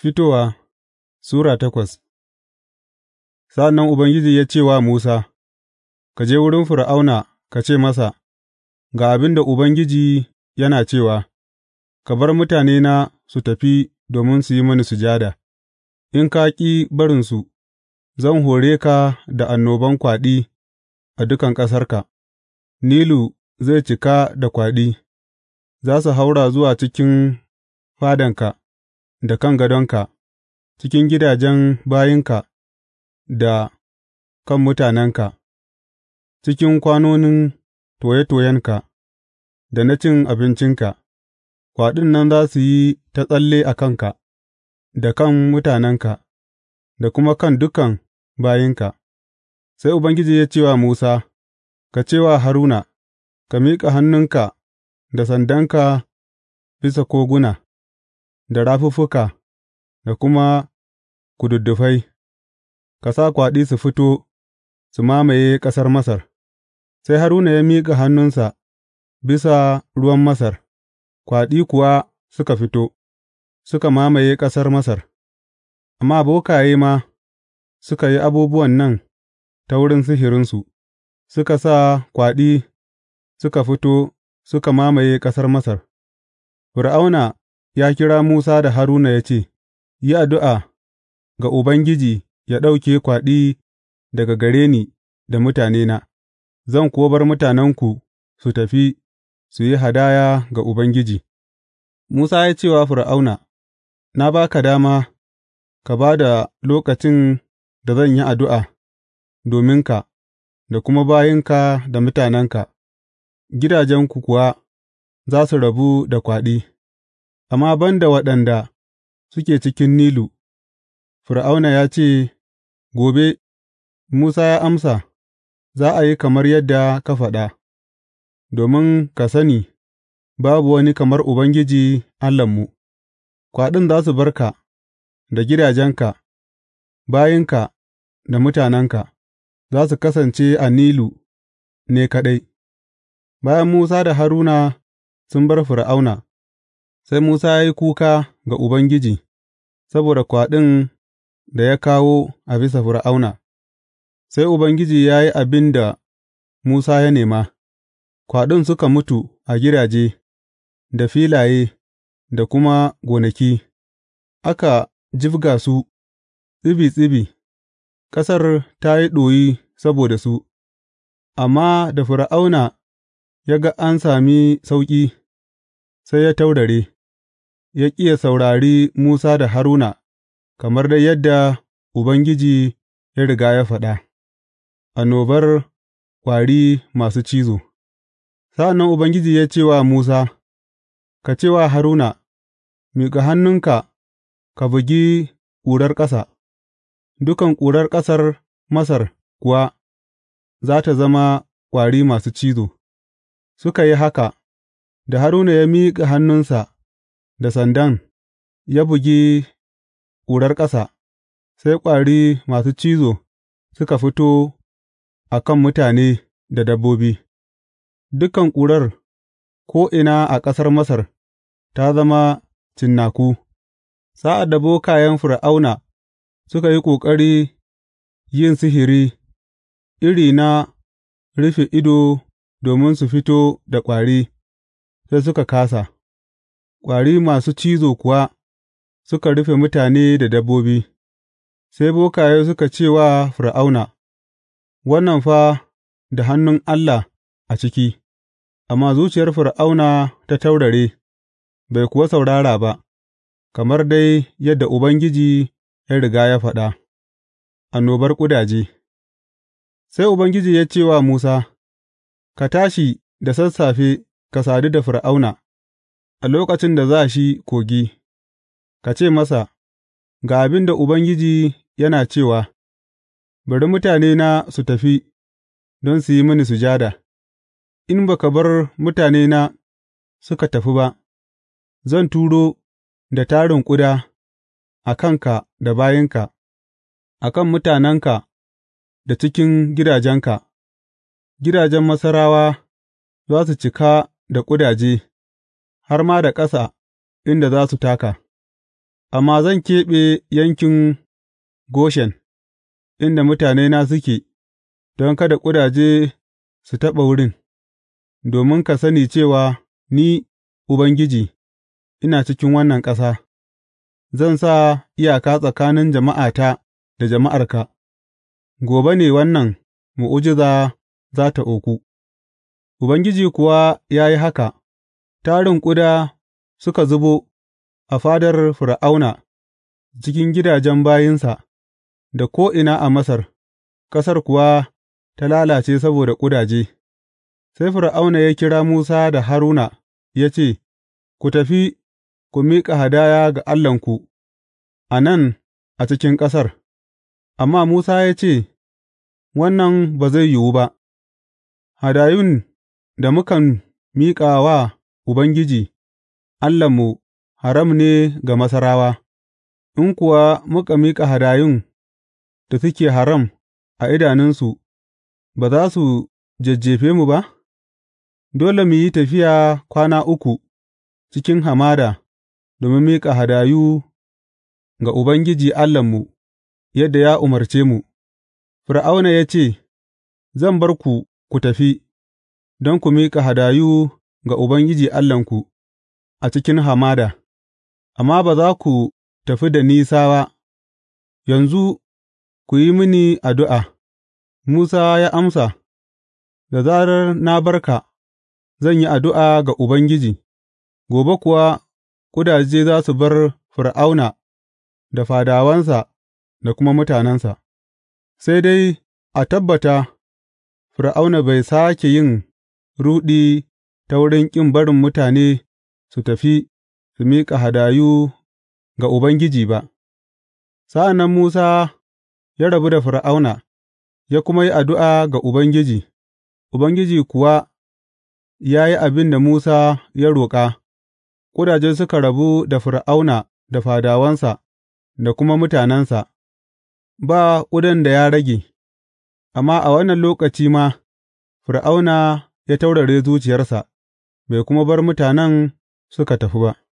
Fitowa Sura takwas Sa'an nan Ubangiji ya ce wa Musa, Ka je wurin Fir'auna ka ce masa, Ga abin da Ubangiji yana cewa, Ka bar mutanena su tafi domin su yi mini sujada, in ka ƙi barinsu, zan hore ka da annoban kwaɗi a dukan ƙasarka, Nilu zai cika da kwaɗi, za su haura zuwa cikin fadanka. da kan gadonka, cikin gidajen bayinka da kan mutanenka, cikin kwanonin toye toyenka da na cin abincinka, kwaɗin nan za su yi ta tsalle a kanka, da kan mutanenka, da kuma kan dukan bayinka. Sai Ubangiji ya ce wa Musa, Ka ce wa Haruna, Ka miƙa hannunka da sandanka bisa koguna. da rafuffuka da kuma kududdufai, ka sa kwaɗi su fito su mamaye ƙasar Masar. Sai Haruna ya miƙa hannunsa bisa ruwan Masar, kwaɗi kuwa suka fito, suka mamaye ƙasar Masar, amma bokaye ma suka yi abubuwan nan ta wurin sihirinsu, suka sa kwaɗi suka fito suka mamaye ƙasar Masar. Fir'auna ya kira Musa da Haruna ya ce, Yi addu'a ga Ubangiji ya ɗauke kwaɗi daga gare ni da mutanena, zan kuwa bar mutanenku su tafi su yi hadaya ga Ubangiji. Musa ya ce wa Fir'auna, Na ba ka dama ka ba da lokacin da zan yi addu'a dominka da kuma bayinka da mutanenka, gidajenku kuwa za su rabu da kwaɗi. Amma ban da waɗanda suke cikin Nilu, Fir'auna ya ce, Gobe, Musa ya amsa, Za a yi kamar yadda ka faɗa, domin ka sani, babu wani kamar Ubangiji Allahnmu, kwaɗin za su bar ka, da gidajenka, bayinka da mutanenka, za su kasance a Nilu ne kaɗai. Bayan Musa da Haruna sun bar Fir'auna. Sai Musa ya yi kuka ga Ubangiji saboda kwaɗin da ya kawo a bisa Fir'auna, sai Ubangiji ya yi abin da Musa ya nema, kwaɗin suka mutu a gidaje, da filaye, da kuma gonaki, aka jifga su tsibi tsibi, ƙasar ta yi ɗoyi saboda su, amma da Fir'auna ya ga an sami sauƙi, sai ya taurare. ya ƙi yă saurari Musa da Haruna, kamar dai yadda Ubangiji ya riga ya faɗa, annobar ƙwari masu cizo. Sa'an nan Ubangiji ya ce wa Musa, Ka ce wa Haruna, Miƙa hannunka ka bugi ƙurar ƙasa, dukan ƙurar ƙasar Masar kuwa za ta zama ƙwari masu cizo. Suka yi haka, da Haruna ya miƙa hannunsa. da sandan, ya bugi ƙurar ƙasa, sai ƙwari masu cizo suka fito a kan mutane da dabbobi, dukan ƙurar ko'ina a ƙasar Masar ta zama cinnaku, sa'ad da bokayen Fir'auna suka yi ƙoƙari yin sihiri iri na rufe ido domin su fito da ƙwari, sai suka kasa. ƙwari masu cizo kuwa suka rufe mutane da dabbobi, sai bokaye suka ce wa Fir'auna, Wannan fa da hannun Allah a ciki, amma zuciyar Fir'auna ta taurare, bai kuwa saurara ba, kamar dai yadda Ubangiji ya riga ya faɗa, annobar ƙudaje. Sai Ubangiji ya ce wa Musa, Ka tashi da sassafe ka sadu da Fir'auna. a lokacin da za shi kogi, ka ce masa, Ga abin da Ubangiji yana cewa, Bari mutanena su tafi don su yi mini sujada, in ba ka bar mutanena suka tafi ba, zan turo da tarin ƙuda a kanka da bayanka, a kan mutanenka da cikin gidajenka, gidajen Masarawa za su cika da ƙudaje. har ma da ƙasa inda za su taka, amma zan keɓe yankin Goshen, inda mutanena suke, don kada ƙudaje su taɓa wurin, domin ka sani cewa ni, Ubangiji, ina cikin wannan ƙasa, zan sa iyaka tsakanin jama'ata da jama'arka, gobe ne wannan mu'ujiza za ta auku. Ubangiji kuwa ya yi haka. tarin ƙuda suka zubo a fadar Fir'auna, cikin gidajen bayinsa, da ko'ina a Masar, ƙasar kuwa ta lalace saboda ƙudaje, sai Fir'auna ya kira Musa da Haruna ya ce, Ku tafi, ku miƙa hadaya ga Allahnku, a nan a cikin ƙasar, amma Musa ya ce, Wannan ba zai yiwu ba, hadayun da mukan miƙa wa Ubangiji, Allahnmu, haram ne ga Masarawa, in kuwa muka miƙa hadayun da suke haram a idanunsu, ba za su jajjefe mu ba, dole mu yi tafiya kwana uku cikin hamada domin miƙa hadayu ga Ubangiji Allahnmu, yadda ya umarce mu, Fir'auna ya ce, Zan bar ku ku tafi, don ku miƙa hadayu. ga Ubangiji Allahnku a cikin hamada, amma ba za ku tafi da nisa ba, yanzu ku yi mini addu'a. Musa ya amsa, Da zarar na barka. zan yi addu'a ga Ubangiji, gobe kuwa ƙudaje za su bar Fir'auna da fadawansa da kuma mutanensa, sai dai a tabbata Fir'auna bai sake yin ruɗi ta wurin ƙin barin mutane su tafi su miƙa hadayu ga Ubangiji ba. Sa'an nan Musa ya rabu da Fir'auna, ya kuma yi addu'a ga Ubangiji, Ubangiji kuwa ya yi abin da Musa ya roƙa, ƙudaje suka rabu da Fir'auna da fadawansa da kuma mutanensa, ba ƙudan da ya rage, amma a wannan lokaci ma, Fir'auna ya taurare zuciyarsa. bai kuma bar mutanen suka tafi ba.